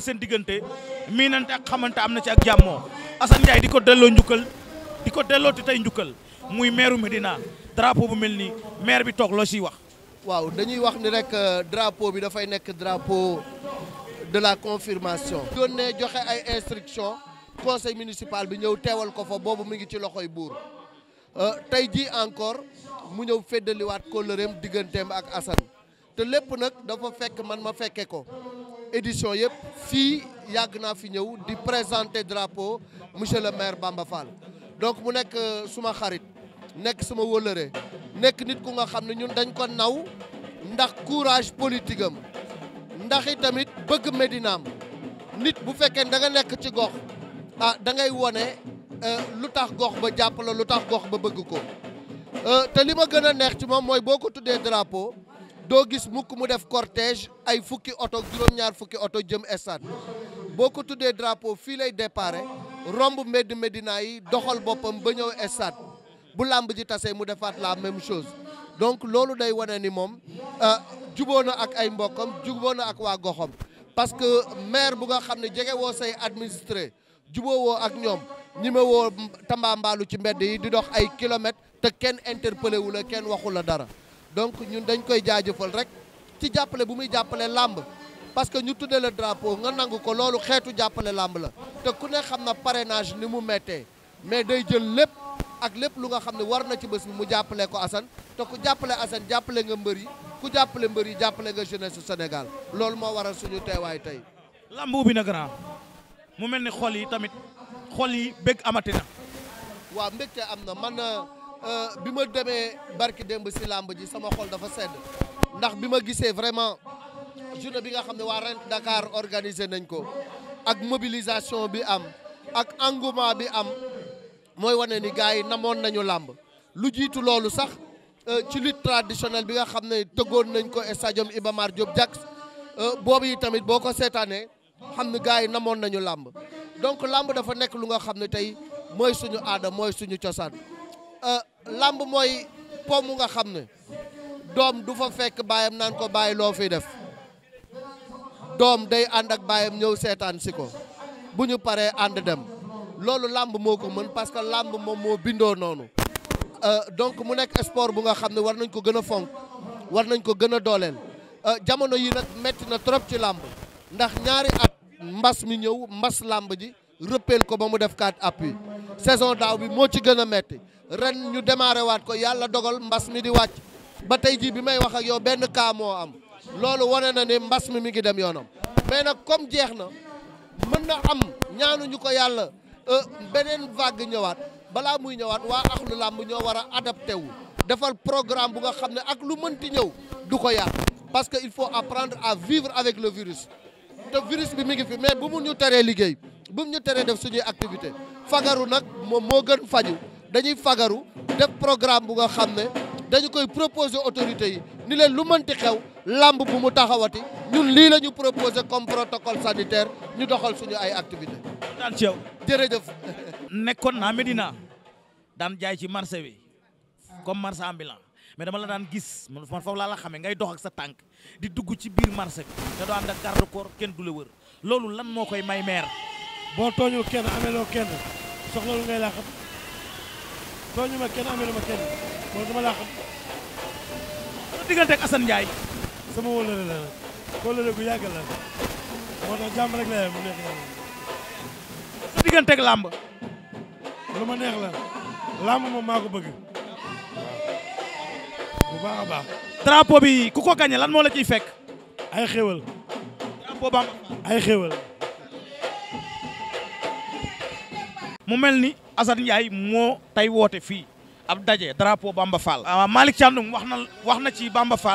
seen diggante miinante ak xamante am na ci ak jàmmoo Assane Ndiaye di ko delloo njukkal di ko delloo te tey njukkal muy maire Medina drapeau bu mel nii maire bi toog loo siy wax. waaw dañuy wax ni rek euh, drapeau bi dafay nekk drapeau de la confirmation. yónnee joxe ay instruction conseil municipal bi ñëw teewal ko fa boobu mu ngi ci loxoy buur euh, tey jii encore mu ñëw feddaliwaat kóllëreem digganteem ak Assane te lépp nag dafa fekk man ma fekke ko. édition yëpp fii yàgg naa fi ñëw di présenter drapeau monsieur le maire Bamba Fall donc bu nekk euh, suma xarit nekk suma wëllëre nekk nit ku nga xam ne ñun dañ ko naw ndax courage politique am ndax i tamit bëgg Médinaam nit bu fekkee da nga nekk ci gox ah da ngay wone euh, lu tax gox ba jàpp la lu tax gox ba bëgg ko euh, te li ma gën a neex ci moom mooy boo ko tuddee drapeau doo gis mukk mu def cortège ay fukki oto juróom-ñaar fukki oto jëm stade boo ko tuddee drapeau fii lay déparé romb mbedd Médina yi doxal boppam ba ñëw stade bu làmb ji tasee mu defaat la même chose donc loolu day wane ni moom euh, juboo na ak ay mbokkam juboo na ak waa goxam parce que maire bu nga xam ne jege woo say administré juboo woo ak ñoom ñi ma woo tambaambaalu ci mbedd yi di dox ay kilomètres te kenn interpellé wu la kenn waxu la dara donc ñun dañ koy jaajëfal rek ci jàppale bu muy jàppale làmb parce que ñu tuddee le drapeau nga nangu ko loolu xeetu jàppale làmb la te ku ne xam na parrainage ni mu méttee mais day jël lépp ak lépp lu nga xam ne war na ci bés bi mu jàppale ko Assane te ku jàppale Assane jàppale nga mbër yi ku jàppale mbër yi jàppale nga jeunesse su Sénégal loolu moo waral suñu teewaay tey. làmb ubbi na grand mu mel ni xol yi tamit xol yi bég amati na. waaw am na man. Euh, Euh, bi ma demee barki démb si làmb ji sama xol dafa sedd ndax bi ma gisee vraiment journée bi nga xam ne waa Rent Dakar organisé nañ ko ak mobilisation bi am ak engouement bi am mooy wane ni gars yi namoon nañu làmb lu jiitu loolu sax euh, ci lutte traditionnelle bi nga xam ne tëggoon nañ ko stadium Iba Mar Diop Diack euh, boobu yi tamit boo ko seetaanee xam ne gars yi namoon nañu làmb donc làmb dafa nekk lu nga xam ne tey mooy suñu aada mooy suñu cosaan làmb mooy po mu nga xam ne doom du fa fekk baayam naan ko bàyyi loo fiy def doom day ànd ak baayam ñëw seetaan si ko bu ñu paree ànd dem loolu làmb moo ko mën parce que làmb moom moo bindoo noonu euh, donc mu nekk sport bu nga xam ne war nañ ko gën a fonk war nañ ko gën a dooleel euh, jamono yi nag metti na trop ci làmb ndax ñaari at mbas mi ñëw mbas làmb ji rëppeel ko ba mu def quatre appuis saison daaw bi moo ci gën a metti ren ñu démarré waat ko yàlla dogal mbas mi di wàcc ba tey jii bi may wax ak yow benn cas am loolu wane na ne mbas mi mi ngi dem yoonam mais nag comme jeex na mën na am ñu ko yàlla euh, beneen vague ñëwaat balaa muy ñëwaat waa axlu làmb ñoo war a adapté wu defal programme bu nga xam ne ak lu mënti ñëw du ko yàq parce que il faut apprendre à vivre avec le virus te virus bi mi ngi fi mais bu mu ñu teree liggéey bu mu ñu teree def suñuy activité fagaru nag moom moo gën faju dañuy fagaru def programme bu nga xam ne dañu koy proposer autorité yi ni leen lu mënti xew làmb bu mu taxawati ñun lii lañu ñu proposer comme protocole sanitaire ñu doxal suñu ay activité daan jërëjëf nekkoon naa Medina daan jaay ci marché bi comme marché ambulant mais dama la daan gis man foofu laa la xamee ngay dox ak sa tànk di dugg ci biir marché bi te doo ànd ak garde kenn du la wër loolu lan moo koy may maire boo tooñul kenn ameloo kenn soxla lu ngay laa xam tooñu ma kenn amelu ma kenn moom dama laa xam. sa diggante ak Assane Ndiaye. sama wóllare la la wóllare gu yàgg la moo tax jàmm rek la yem mu neex la. sa ma neex maa ko bëgg. bu baax baax. drapeau bi ku ko gagné lan moo la ciy fekk. ay xéwal. drapeau mu mel ni Assane Ndiaye moo tey woote fii ab daje drapo Bamba Fall. waaw ah, Malick Thiandoum wax na wax na ci Bamba ba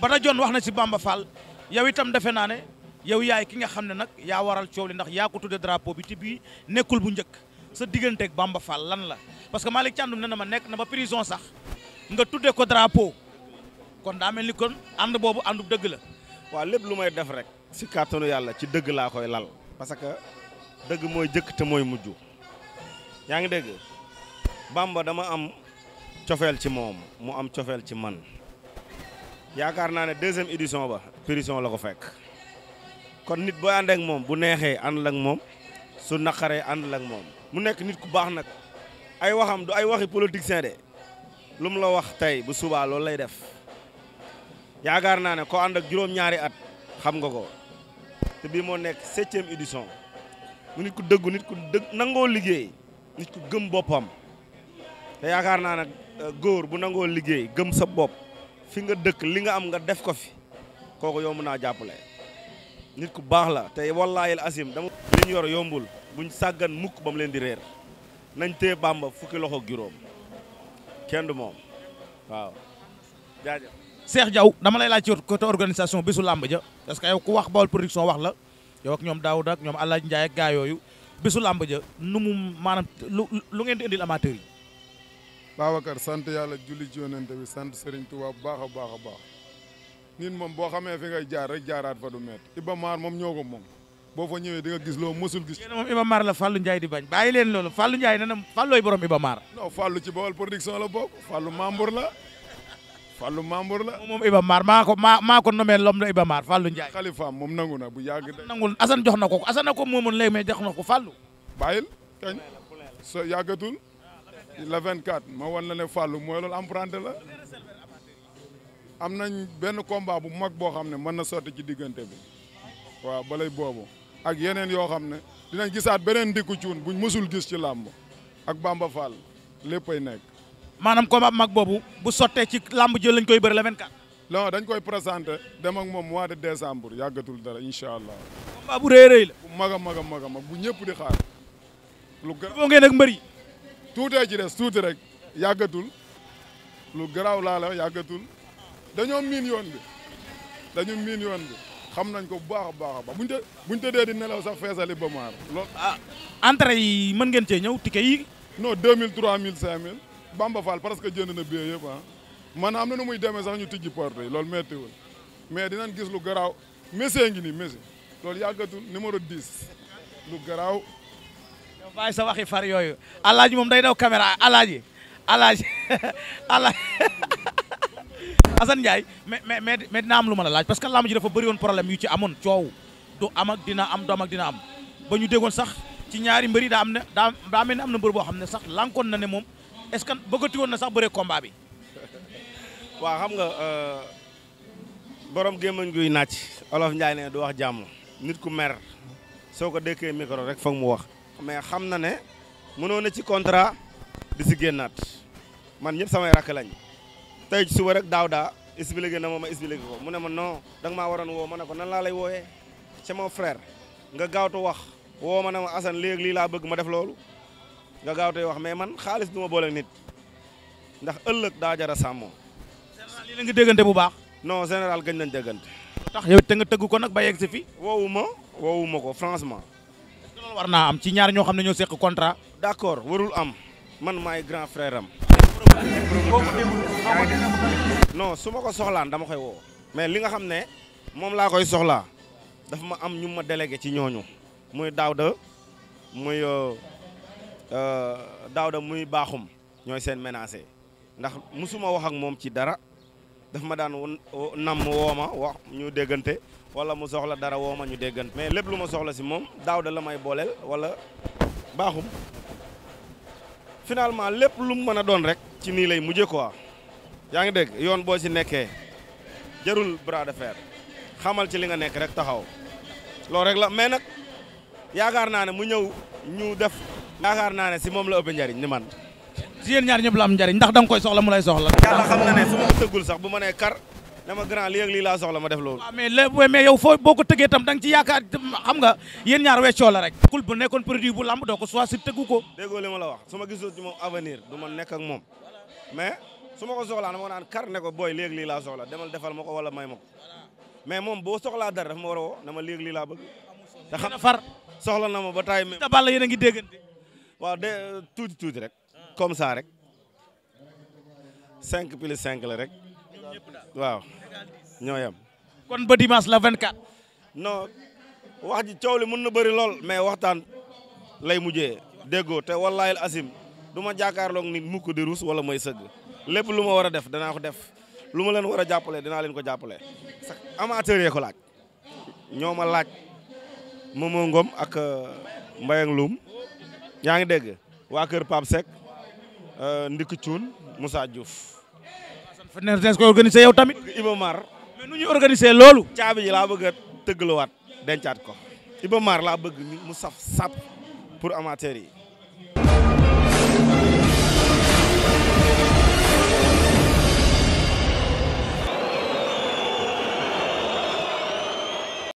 Bada Dione wax na ci Bamba Fall yow itam defe naa ne yow yaay ki nga xam ne nag yaa waral coow li ndax yaa ko tuddee drapo bi te bii nekkul bu njëkk sa digganteek Bamba Fall lan la parce que Malick Thiandoum nee na ma nekk na ba prison sax nga tuddee ko drapeau kon daa mel ni kon ànd boobu àndu dëgg la. waa lépp lu may def rek. si kàttanu yàlla ci dëgg laa koy lal. parce que dëgg mooy jëkk te mooy mujj. yaa ngi dégg Bamba dama am cofeel ci moom mu am cofeel ci man yaakaar naa ne deuxième édition ba prison la ko fekk kon nit booy ànd moom bu neexee ànd ak moom su naqaree ànd ak moom mu nekk nit ku baax nag ay waxam du ay waxi politicien de lu mu la wax tey bu subaa loolu lay def yaakaar naa ne ko ànd ak juróom-ñaari at xam nga ko te bii moo nekk septième édition mu nit ku dëggu nit ku dëgg nangoo liggéey nit ku gëm boppam te yaakaar naa nag euh, góor bu nangoo liggéey gëm sa bopp fi nga dëkk li nga am nga def ko fi kooku yomb naa jàppale nit ku baax la te wallaayil asim dama li ñu yor yombul buñ sàggan mukk ba leen di réer nañ téye bàmba fukki loxo juróom kenn du moom waaw jaajëf Cheikh dama lay laaj ci côté organisation bésu làmb ja parce que yow ku wax Baol production wax la yow ak ñoom Daouda ak ñoom Alaaji Ndiaye ak gaa bisu làmb ja nu mu maanaam lu ngeen di indil amateur yi. Babacar sant yàlla julli ci yonente bi sant Serigne Touba bu baax a baax a baax nit moom boo xamee fi ngay jaar rek jaaraat fa du métti Iba Mar moom ñoo ko moom boo fa ñëwee di nga gis loo mësul gis. yéen moom Iba Mar la Fallou Ndiaye di bañ bàyyi leen loolu Fallou Ndiaye nee na Fallooy borom Iba Mar. non Fallou ci Baol production la bokk Fallou membre la. Fallou membre la. moom Iba Mar maa ko maa maa ko nommé lom la Iba Mar Fallou Ndiaye. xalifaam moom nangu na bu yàgg. nangul Assane jox na ko Assane na ko moomoon léegi mais jox na ko Fallou. bàyyil kañ so yàggatul la 24 ma wan la ne Fallou mooy loolu emprunté la am nañ benn combat bu mag boo xam ne mën na sotti ci diggante bi waa balay boobu ak yeneen yoo xam ne dina gisaat beneen dikku cuun buñ mësul gis ci làmb ak Bamba Fall léppay nekk. maanaam combat mag boobu bu sottee ci làmb jël lañ koy bëri la 24. non dañ koy présenté dem ak moom mois de décembre yàggatul dara incha allah. combat bu rëy rëy la. bu mag a maga maga mag a mag bu ñëpp di xaar. lu gën foo ngeen ak mbër yi. tuutee ci tuuti rek yàggatul lu garaaw laa la yàggatul dañoo miin yoon bi dañu miin yoon bi xam nañ ko bu baax a baax a baax buñ të buñ tëddee di nelaw sax feesali ba maar loolu. ah entrée yi mën ngeen cee ñëw ticket yi. non 2000 cinq 5000. Bamba Fall parce que jënd na billet yëpp ah man am na nu muy demee sax ñu tijji porte yi loolu méttiwul mais dinañ gis lu garaaw Messi ngi nii Messi loolu yàggatul numéro 10 lu garaaw. yow sa waxi far yooyu alaaji moom day daw caméra alaaji alaaji alaaji Assane Ndiaye mais mais mais dina am lu ma la laaj parce que lamb ji dafa bëri woon problème yu ci amoon coow du am ak dina am du am dina am ba ñu déggoon sax ci ñaari mbëri daa am na daa daa mel ne am na mbër boo xam ne sax lankoon na ne moom. est-ce que bëggati woon na sax bëre combat bi. waaw xam nga euh, borom gémmañ guy naaj olof Ndiaye ne du wax jàmm nit ku mer soo ko dékkee micro rek foog mu wax. mais xam na ne mënoon na ci contrat di si génnaat man ñëpp samay rakk lañ tey ci suba rek daaw daa expliqué na ma ma expliqué ko mu ne ma non danga ma waroon woo ma ne ko nan laa lay wooyee c'est mon frère nga gaawtu wax woo ma ne ma Assane léegi lii laa bëgg ma def loolu. nga gaaw tey wax mais man xaalis du ma boole nit ndax ëllëg daa jar a sàmmoo. général lii déggante bu baax. non général gañ nañ déggante. tax te nga tëgg ko nag ba yegg si fi. woowu ma woowu ko franchement. est war naa am ci ñaar ñoo xam ne ñoo seq contrat. d'accord warul am man maay grand frère am. non su ma ko soxlaan dama koy woo. mais li nga xam ne moom laa koy soxlaa dafa ma am ñu ma délégué ci ñooñu muy Daouda muy. Euh, Euh, Daouda muy baaxum ñooy seen menacé ndax musuma wax ak moom ci dara daf ma daan nam wooma wax ñu déggante wala mu soxla dara wooma ñu déggante mais lépp lu ma soxla si moom Daouda la may booleel wala baaxum finalement lépp lu mu mën a doon rek ci nii lay mujjee quoi yaa ngi dégg yoon boo si nekkee jarul bras de xamal ci li nga nekk rek taxaw loolu rek la mais nag yaakaar naa ne mu ñëw ñu def yaakaar naa ne si moom la ëpp njariñ la am njariñ ndax da nga koy soxla mu lay soxla na ma sax bu ma nee kar dama grand lii ak lii ma def loolu waaw ah, mais lé mais yow foo boo ko tëggee tam da nga ci yaakaar xam nga yéen ñaar weccoo la rek kul bu nekkoon produit bu lamb doo ko soit ko déggoo li ma la wax su ma gisoon ci moom avenir du ma nekk ak moom mais su ne ko booy lii ak laa soxla demal defal ma ko wala may ma ko mais moom boo soxlaa dara daf ma war a woo dama lii ak soxla na ma ba taay mi da balla a ngi déggante waaw de tuuti tuuti rek comme ça rek cinq plus cinq la rek waaw ñoo kon ba dimanche la 24. non wax ji coow li mën na bëri lool mais waxtaan lay mujjee déggoo te wallaayil asim du ma jàkkaarloog nit mukk di ruus wala may sëgg lépp lu ma war a def danaa ko def lu ma leen war a jàppale dinaa leen ko jàppale sax yee ko laaj ñoo ma laaj Momo Ngom ak euh, Mbayang Loum yaa ngi dégg waa kër Pape Seck euh, Ndiki Thioune Moussa Diouf. fa ne ko organisé yow tamit. Iba Mar. mais nu ñuy organisé loolu. caabi ji laa bëgg a tëggluwaat dencaat ko Iba Mar laa bëgg mu saf sap pour amateurs yi.